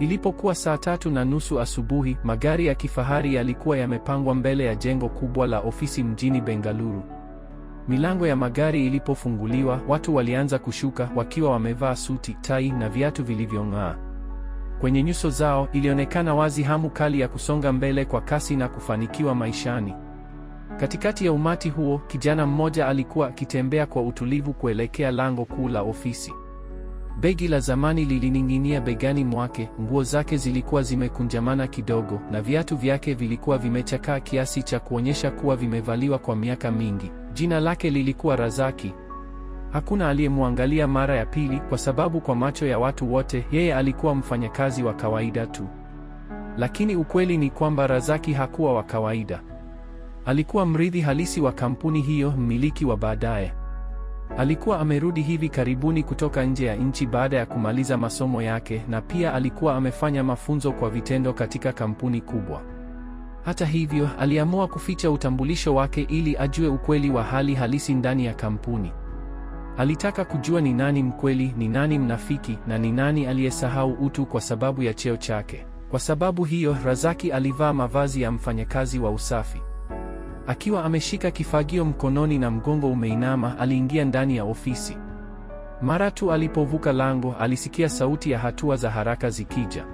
Ilipokuwa saa tatu na nusu asubuhi, magari ya kifahari yalikuwa yamepangwa mbele ya jengo kubwa la ofisi mjini Bengaluru. Milango ya magari ilipofunguliwa, watu walianza kushuka wakiwa wamevaa suti, tai na viatu vilivyong'aa. Kwenye nyuso zao ilionekana wazi hamu kali ya kusonga mbele kwa kasi na kufanikiwa maishani. Katikati ya umati huo, kijana mmoja alikuwa akitembea kwa utulivu kuelekea lango kuu la ofisi. Begi la zamani lilining'inia begani mwake, nguo zake zilikuwa zimekunjamana kidogo na viatu vyake vilikuwa vimechakaa kiasi cha kuonyesha kuwa vimevaliwa kwa miaka mingi. Jina lake lilikuwa Razaki. Hakuna aliyemwangalia mara ya pili kwa sababu kwa macho ya watu wote yeye alikuwa mfanyakazi wa kawaida tu. Lakini ukweli ni kwamba Razaki hakuwa wa kawaida. Alikuwa mrithi halisi wa kampuni hiyo, mmiliki wa baadaye. Alikuwa amerudi hivi karibuni kutoka nje ya nchi baada ya kumaliza masomo yake na pia alikuwa amefanya mafunzo kwa vitendo katika kampuni kubwa. Hata hivyo, aliamua kuficha utambulisho wake ili ajue ukweli wa hali halisi ndani ya kampuni. Alitaka kujua ni nani mkweli, ni nani mnafiki na ni nani aliyesahau utu kwa sababu ya cheo chake. Kwa sababu hiyo, Razaki alivaa mavazi ya mfanyakazi wa usafi. Akiwa ameshika kifagio mkononi na mgongo umeinama, aliingia ndani ya ofisi. Mara tu alipovuka lango, alisikia sauti ya hatua za haraka zikija.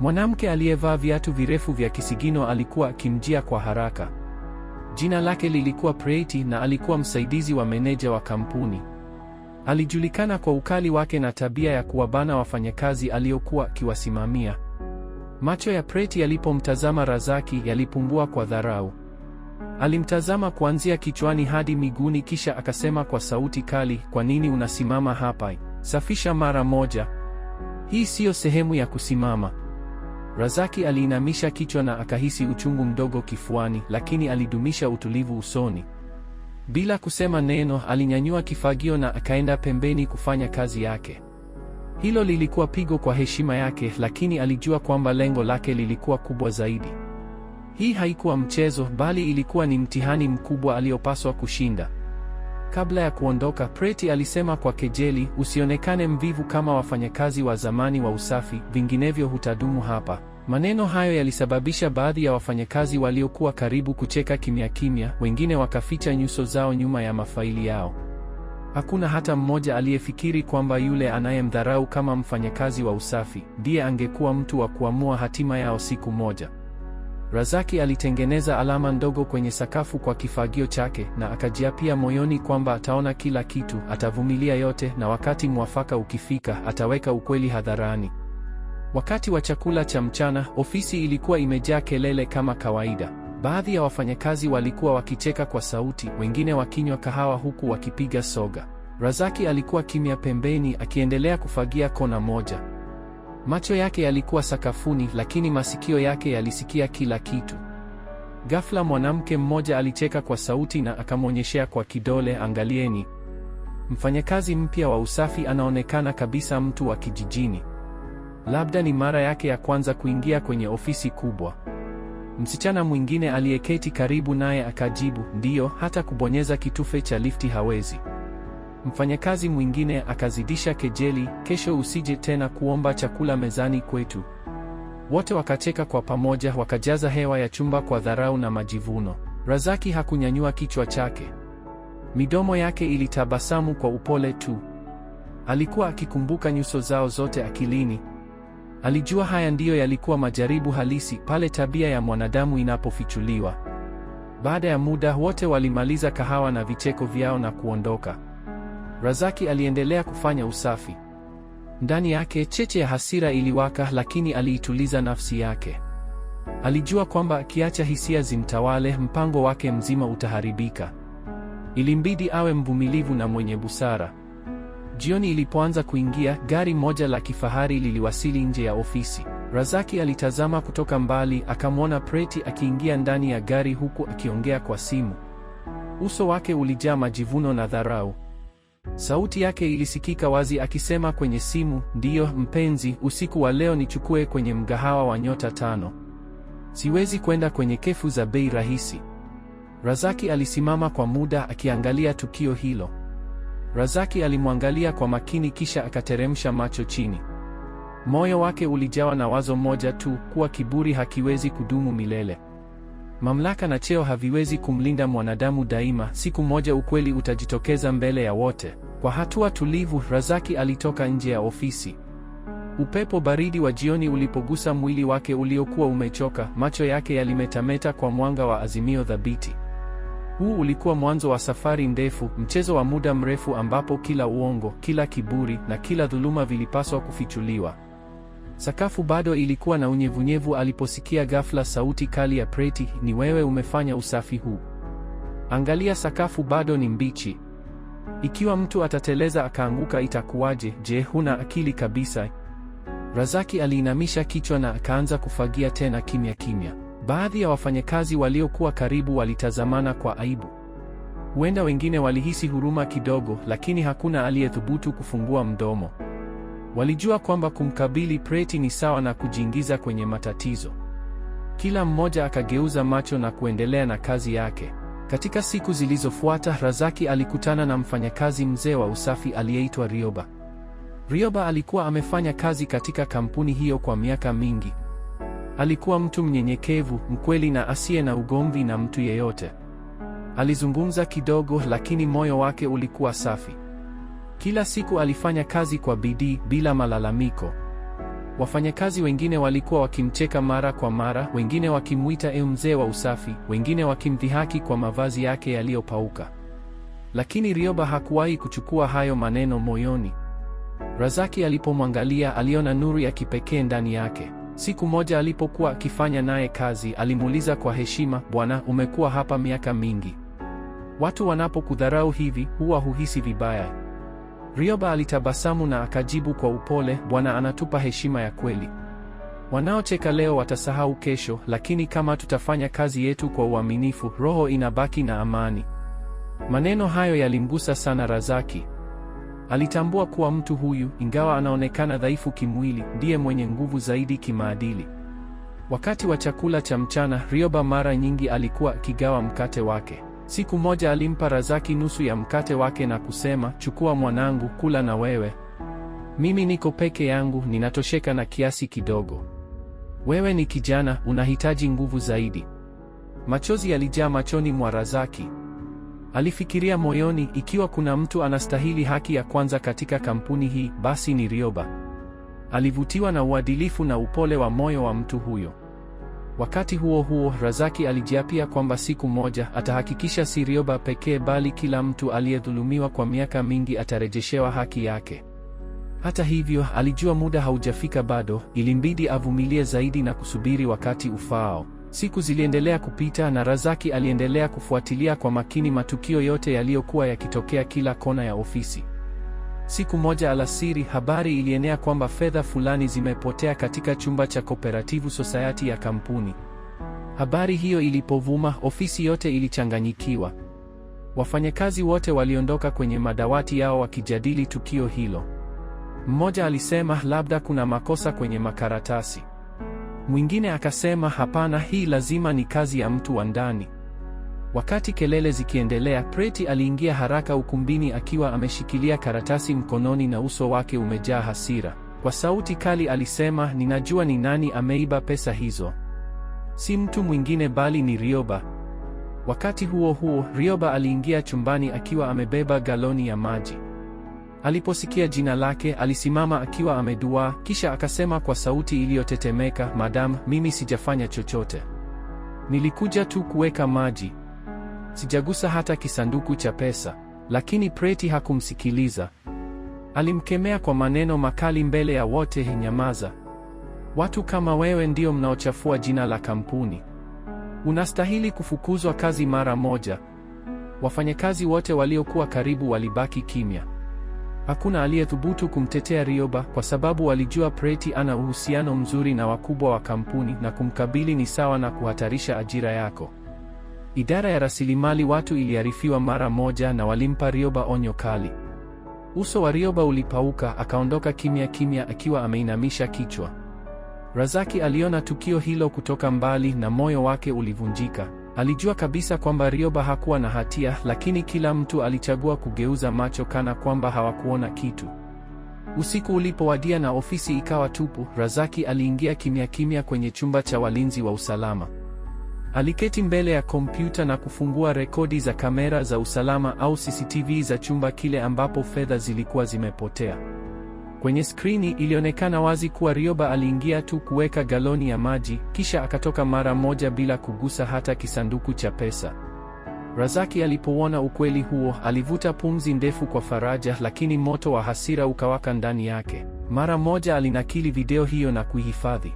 Mwanamke aliyevaa viatu virefu vya kisigino alikuwa akimjia kwa haraka. Jina lake lilikuwa Preeti na alikuwa msaidizi wa meneja wa kampuni. Alijulikana kwa ukali wake na tabia ya kuwabana wafanyakazi aliyokuwa akiwasimamia. Macho ya Preti yalipomtazama Razaki yalipungua kwa dharau. Alimtazama kuanzia kichwani hadi miguuni kisha akasema kwa sauti kali, "Kwa nini unasimama hapa? Safisha mara moja. Hii siyo sehemu ya kusimama." Razaki aliinamisha kichwa na akahisi uchungu mdogo kifuani, lakini alidumisha utulivu usoni. Bila kusema neno, alinyanyua kifagio na akaenda pembeni kufanya kazi yake. Hilo lilikuwa pigo kwa heshima yake, lakini alijua kwamba lengo lake lilikuwa kubwa zaidi. Hii haikuwa mchezo, bali ilikuwa ni mtihani mkubwa aliopaswa kushinda. Kabla ya kuondoka, Preti alisema kwa kejeli, usionekane mvivu kama wafanyakazi wa zamani wa usafi, vinginevyo hutadumu hapa. Maneno hayo yalisababisha baadhi ya wafanyakazi waliokuwa karibu kucheka kimya kimya, wengine wakaficha nyuso zao nyuma ya mafaili yao. Hakuna hata mmoja aliyefikiri kwamba yule anayemdharau kama mfanyakazi wa usafi ndiye angekuwa mtu wa kuamua hatima yao siku moja. Razaki alitengeneza alama ndogo kwenye sakafu kwa kifagio chake na akajiapia moyoni kwamba ataona kila kitu, atavumilia yote na wakati mwafaka ukifika, ataweka ukweli hadharani. Wakati wa chakula cha mchana, ofisi ilikuwa imejaa kelele kama kawaida. Baadhi ya wafanyakazi walikuwa wakicheka kwa sauti, wengine wakinywa kahawa huku wakipiga soga. Razaki alikuwa kimya pembeni akiendelea kufagia kona moja. Macho yake yalikuwa sakafuni, lakini masikio yake yalisikia kila kitu. Ghafla mwanamke mmoja alicheka kwa sauti na akamwonyeshea kwa kidole, angalieni, mfanyakazi mpya wa usafi anaonekana kabisa, mtu wa kijijini. Labda ni mara yake ya kwanza kuingia kwenye ofisi kubwa. Msichana mwingine aliyeketi karibu naye akajibu, ndiyo, hata kubonyeza kitufe cha lifti hawezi. Mfanyakazi mwingine akazidisha kejeli, kesho usije tena kuomba chakula mezani kwetu. Wote wakacheka kwa pamoja, wakajaza hewa ya chumba kwa dharau na majivuno. Razaki hakunyanyua kichwa chake. Midomo yake ilitabasamu kwa upole tu. Alikuwa akikumbuka nyuso zao zote akilini. Alijua haya ndiyo yalikuwa majaribu halisi pale tabia ya mwanadamu inapofichuliwa. Baada ya muda wote walimaliza kahawa na vicheko vyao na kuondoka. Razaki aliendelea kufanya usafi. Ndani yake cheche ya hasira iliwaka, lakini aliituliza nafsi yake. Alijua kwamba akiacha hisia zimtawale, mpango wake mzima utaharibika. Ilimbidi awe mvumilivu na mwenye busara. Jioni ilipoanza kuingia, gari moja la kifahari liliwasili nje ya ofisi. Razaki alitazama kutoka mbali, akamwona Preti akiingia ndani ya gari huku akiongea kwa simu. Uso wake ulijaa majivuno na dharau. Sauti yake ilisikika wazi akisema kwenye simu, ndiyo mpenzi, usiku wa leo nichukue kwenye mgahawa wa nyota tano. Siwezi kwenda kwenye kefu za bei rahisi. Razaki alisimama kwa muda akiangalia tukio hilo. Razaki alimwangalia kwa makini kisha akateremsha macho chini. Moyo wake ulijawa na wazo moja tu, kuwa kiburi hakiwezi kudumu milele. Mamlaka na cheo haviwezi kumlinda mwanadamu daima. Siku moja ukweli utajitokeza mbele ya wote. Kwa hatua tulivu, Razaki alitoka nje ya ofisi. Upepo baridi wa jioni ulipogusa mwili wake uliokuwa umechoka, macho yake yalimetameta kwa mwanga wa azimio thabiti. Huu ulikuwa mwanzo wa safari ndefu, mchezo wa muda mrefu ambapo kila uongo, kila kiburi na kila dhuluma vilipaswa kufichuliwa. Sakafu bado ilikuwa na unyevunyevu aliposikia ghafla sauti kali ya Preti, ni wewe umefanya usafi huu? Angalia sakafu bado ni mbichi. Ikiwa mtu atateleza akaanguka itakuwaje? Je, huna akili kabisa? Razaki aliinamisha kichwa na akaanza kufagia tena kimya kimya. Baadhi ya wafanyakazi waliokuwa karibu walitazamana kwa aibu. Huenda wengine walihisi huruma kidogo, lakini hakuna aliyethubutu kufungua mdomo. Walijua kwamba kumkabili Preti ni sawa na kujiingiza kwenye matatizo. Kila mmoja akageuza macho na kuendelea na kazi yake. Katika siku zilizofuata, Razaki alikutana na mfanyakazi mzee wa usafi aliyeitwa Rioba. Rioba alikuwa amefanya kazi katika kampuni hiyo kwa miaka mingi. Alikuwa mtu mnyenyekevu, mkweli na asiye na ugomvi na mtu yeyote. Alizungumza kidogo, lakini moyo wake ulikuwa safi. Kila siku alifanya kazi kwa bidii bila malalamiko. Wafanyakazi wengine walikuwa wakimcheka mara kwa mara, wengine wakimwita e, mzee wa usafi, wengine wakimdhihaki kwa mavazi yake yaliyopauka. Lakini Rioba hakuwahi kuchukua hayo maneno moyoni. Razaki alipomwangalia aliona nuru ya kipekee ndani yake. Siku moja alipokuwa akifanya naye kazi, alimuuliza kwa heshima, bwana, umekuwa hapa miaka mingi, watu wanapokudharau hivi huwa huhisi vibaya? Rioba alitabasamu na akajibu kwa upole, Bwana anatupa heshima ya kweli. Wanaocheka leo watasahau kesho, lakini kama tutafanya kazi yetu kwa uaminifu, roho inabaki na amani. Maneno hayo yalimgusa sana Razaki. Alitambua kuwa mtu huyu, ingawa anaonekana dhaifu kimwili, ndiye mwenye nguvu zaidi kimaadili. Wakati wa chakula cha mchana, Rioba mara nyingi alikuwa akigawa mkate wake. Siku moja alimpa Razaki nusu ya mkate wake na kusema, chukua mwanangu, kula na wewe. Mimi niko peke yangu, ninatosheka na kiasi kidogo. Wewe ni kijana, unahitaji nguvu zaidi. Machozi yalijaa machoni mwa Razaki. Alifikiria moyoni, ikiwa kuna mtu anastahili haki ya kwanza katika kampuni hii, basi ni Rioba. Alivutiwa na uadilifu na upole wa moyo wa mtu huyo. Wakati huo huo, Razaki alijiapia kwamba siku moja atahakikisha si Rioba pekee bali kila mtu aliyedhulumiwa kwa miaka mingi atarejeshewa haki yake. Hata hivyo, alijua muda haujafika bado, ilimbidi avumilie zaidi na kusubiri wakati ufaao. Siku ziliendelea kupita na Razaki aliendelea kufuatilia kwa makini matukio yote yaliyokuwa yakitokea kila kona ya ofisi. Siku moja alasiri, habari ilienea kwamba fedha fulani zimepotea katika chumba cha Cooperative Society ya kampuni. Habari hiyo ilipovuma, ofisi yote ilichanganyikiwa. Wafanyakazi wote waliondoka kwenye madawati yao wakijadili tukio hilo. Mmoja alisema labda kuna makosa kwenye makaratasi. Mwingine akasema hapana, hii lazima ni kazi ya mtu wa ndani. Wakati kelele zikiendelea, Preti aliingia haraka ukumbini akiwa ameshikilia karatasi mkononi na uso wake umejaa hasira. Kwa sauti kali alisema, ninajua ni nani ameiba pesa hizo. Si mtu mwingine bali ni Rioba. Wakati huo huo, Rioba aliingia chumbani akiwa amebeba galoni ya maji. Aliposikia jina lake, alisimama akiwa ameduaa, kisha akasema kwa sauti iliyotetemeka, Madam, mimi sijafanya chochote. Nilikuja tu kuweka maji sijagusa hata kisanduku cha pesa. Lakini Preti hakumsikiliza. Alimkemea kwa maneno makali mbele ya wote, nyamaza, watu kama wewe ndio mnaochafua jina la kampuni, unastahili kufukuzwa kazi mara moja. Wafanyakazi wote waliokuwa karibu walibaki kimya. Hakuna aliyethubutu kumtetea Rioba kwa sababu walijua Preti ana uhusiano mzuri na wakubwa wa kampuni, na kumkabili ni sawa na kuhatarisha ajira yako. Idara ya rasilimali watu iliarifiwa mara moja na walimpa Rioba onyo kali. Uso wa Rioba ulipauka, akaondoka kimya kimya akiwa ameinamisha kichwa. Razaki aliona tukio hilo kutoka mbali na moyo wake ulivunjika. Alijua kabisa kwamba Rioba hakuwa na hatia, lakini kila mtu alichagua kugeuza macho kana kwamba hawakuona kitu. Usiku ulipowadia na ofisi ikawa tupu, Razaki aliingia kimya kimya kwenye chumba cha walinzi wa usalama. Aliketi mbele ya kompyuta na kufungua rekodi za kamera za usalama au CCTV za chumba kile ambapo fedha zilikuwa zimepotea. Kwenye skrini ilionekana wazi kuwa Rioba aliingia tu kuweka galoni ya maji, kisha akatoka mara moja bila kugusa hata kisanduku cha pesa. Razaki alipouona ukweli huo, alivuta pumzi ndefu kwa faraja, lakini moto wa hasira ukawaka ndani yake. Mara moja alinakili video hiyo na kuihifadhi.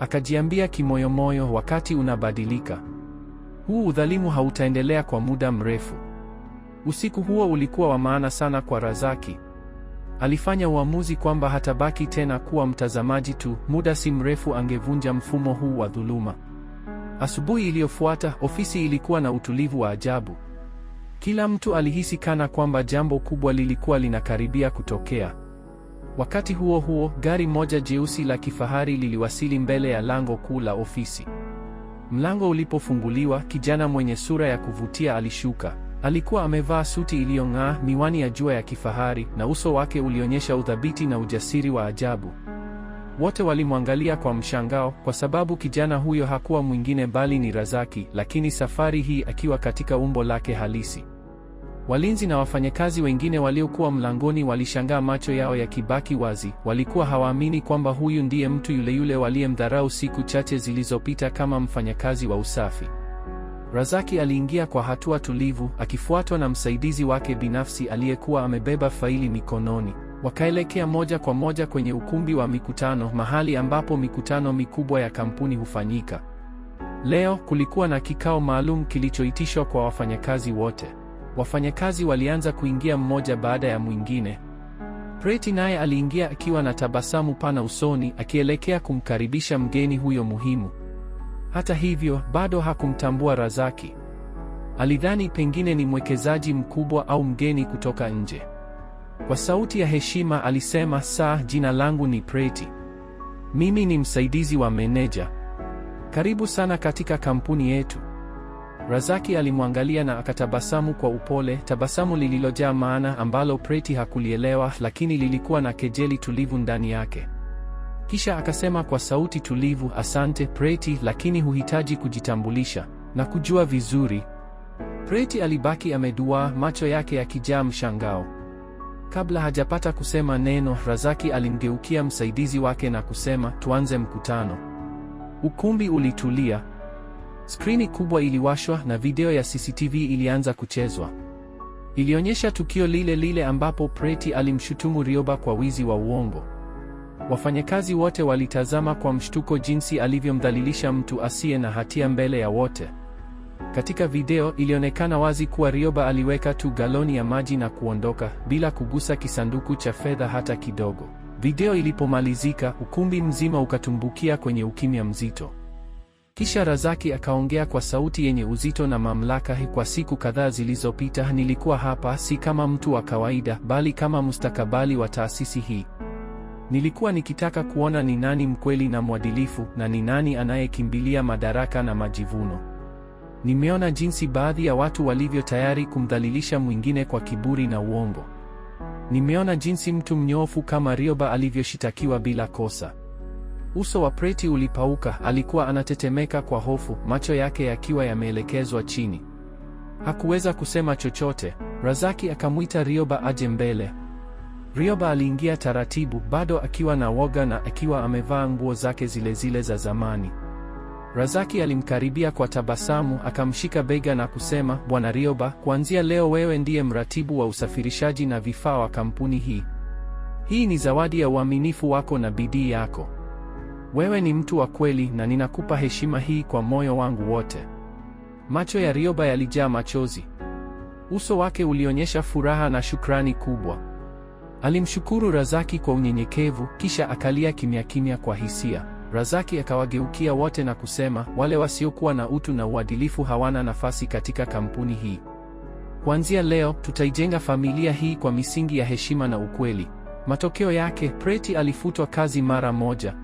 Akajiambia kimoyomoyo, wakati unabadilika, huu udhalimu hautaendelea kwa muda mrefu. Usiku huo ulikuwa wa maana sana kwa Razaki. Alifanya uamuzi kwamba hatabaki tena kuwa mtazamaji tu, muda si mrefu angevunja mfumo huu wa dhuluma. Asubuhi iliyofuata, ofisi ilikuwa na utulivu wa ajabu. Kila mtu alihisi kana kwamba jambo kubwa lilikuwa linakaribia kutokea. Wakati huo huo, gari moja jeusi la kifahari liliwasili mbele ya lango kuu la ofisi. Mlango ulipofunguliwa, kijana mwenye sura ya kuvutia alishuka. Alikuwa amevaa suti iliyong'aa, miwani ya jua ya kifahari, na uso wake ulionyesha uthabiti na ujasiri wa ajabu. Wote walimwangalia kwa mshangao kwa sababu kijana huyo hakuwa mwingine bali ni Razaki, lakini safari hii akiwa katika umbo lake halisi. Walinzi na wafanyakazi wengine waliokuwa mlangoni walishangaa, macho yao yakibaki wazi. Walikuwa hawaamini kwamba huyu ndiye mtu yule yule waliyemdharau siku chache zilizopita kama mfanyakazi wa usafi. Razaki aliingia kwa hatua tulivu, akifuatwa na msaidizi wake binafsi aliyekuwa amebeba faili mikononi. Wakaelekea moja kwa moja kwenye ukumbi wa mikutano, mahali ambapo mikutano mikubwa ya kampuni hufanyika. Leo kulikuwa na kikao maalum kilichoitishwa kwa wafanyakazi wote wafanyakazi walianza kuingia mmoja baada ya mwingine. Preti naye aliingia akiwa na tabasamu pana usoni, akielekea kumkaribisha mgeni huyo muhimu. Hata hivyo, bado hakumtambua Razaki. Alidhani pengine ni mwekezaji mkubwa au mgeni kutoka nje. Kwa sauti ya heshima alisema, saa, jina langu ni Preti. Mimi ni msaidizi wa meneja. Karibu sana katika kampuni yetu. Razaki alimwangalia na akatabasamu kwa upole, tabasamu lililojaa maana ambalo Preti hakulielewa, lakini lilikuwa na kejeli tulivu ndani yake. Kisha akasema kwa sauti tulivu, asante Preti, lakini huhitaji kujitambulisha na kujua vizuri. Preti alibaki ameduaa, macho yake yakijaa mshangao. Kabla hajapata kusema neno, Razaki alimgeukia msaidizi wake na kusema, tuanze mkutano. Ukumbi ulitulia. Skrini kubwa iliwashwa na video ya CCTV ilianza kuchezwa. Ilionyesha tukio lile lile ambapo Preti alimshutumu Rioba kwa wizi wa uongo. Wafanyakazi wote walitazama kwa mshtuko jinsi alivyomdhalilisha mtu asiye na hatia mbele ya wote. Katika video ilionekana wazi kuwa Rioba aliweka tu galoni ya maji na kuondoka bila kugusa kisanduku cha fedha hata kidogo. Video ilipomalizika, ukumbi mzima ukatumbukia kwenye ukimya mzito. Kisha Razaki akaongea kwa sauti yenye uzito na mamlaka. Kwa siku kadhaa zilizopita, nilikuwa hapa si kama mtu wa kawaida, bali kama mustakabali wa taasisi hii. Nilikuwa nikitaka kuona ni nani mkweli na mwadilifu, na ni nani anayekimbilia madaraka na majivuno. Nimeona jinsi baadhi ya watu walivyo tayari kumdhalilisha mwingine kwa kiburi na uongo. Nimeona jinsi mtu mnyofu kama Rioba alivyoshitakiwa bila kosa. Uso wa Preti ulipauka, alikuwa anatetemeka kwa hofu, macho yake yakiwa yameelekezwa chini. Hakuweza kusema chochote. Razaki akamwita Rioba aje mbele. Rioba aliingia taratibu, bado akiwa na woga na akiwa amevaa nguo zake zile zile za zamani. Razaki alimkaribia kwa tabasamu, akamshika bega na kusema, Bwana Rioba, kuanzia leo wewe ndiye mratibu wa usafirishaji na vifaa wa kampuni hii. Hii ni zawadi ya uaminifu wako na bidii yako. Wewe ni mtu wa kweli na ninakupa heshima hii kwa moyo wangu wote. Macho ya Rioba yalijaa machozi. Uso wake ulionyesha furaha na shukrani kubwa. Alimshukuru Razaki kwa unyenyekevu, kisha akalia kimya kimya kwa hisia. Razaki akawageukia wote na kusema, wale wasiokuwa na utu na uadilifu hawana nafasi katika kampuni hii. Kuanzia leo, tutaijenga familia hii kwa misingi ya heshima na ukweli. Matokeo yake, Preti alifutwa kazi mara moja.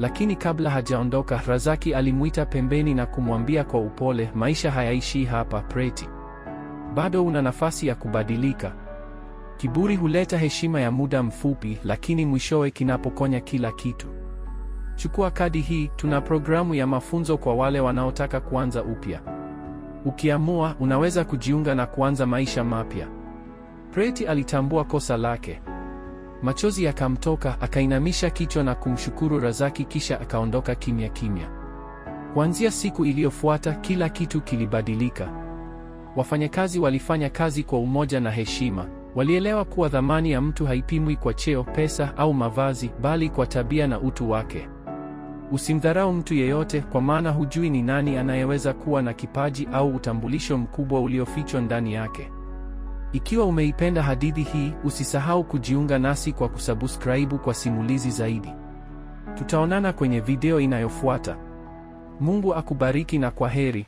Lakini kabla hajaondoka, Razaki alimwita pembeni na kumwambia kwa upole, maisha hayaishii hapa Preti, bado una nafasi ya kubadilika. Kiburi huleta heshima ya muda mfupi, lakini mwishowe kinapokonya kila kitu. Chukua kadi hii, tuna programu ya mafunzo kwa wale wanaotaka kuanza upya. Ukiamua, unaweza kujiunga na kuanza maisha mapya. Preti alitambua kosa lake. Machozi yakamtoka, akainamisha kichwa na kumshukuru Razaki, kisha akaondoka kimya kimya. Kuanzia siku iliyofuata, kila kitu kilibadilika. Wafanyakazi walifanya kazi kwa umoja na heshima. Walielewa kuwa thamani ya mtu haipimwi kwa cheo, pesa au mavazi, bali kwa tabia na utu wake. Usimdharau mtu yeyote, kwa maana hujui ni nani anayeweza kuwa na kipaji au utambulisho mkubwa uliofichwa ndani yake. Ikiwa umeipenda hadithi hii, usisahau kujiunga nasi kwa kusubscribe kwa simulizi zaidi. Tutaonana kwenye video inayofuata. Mungu akubariki na kwaheri.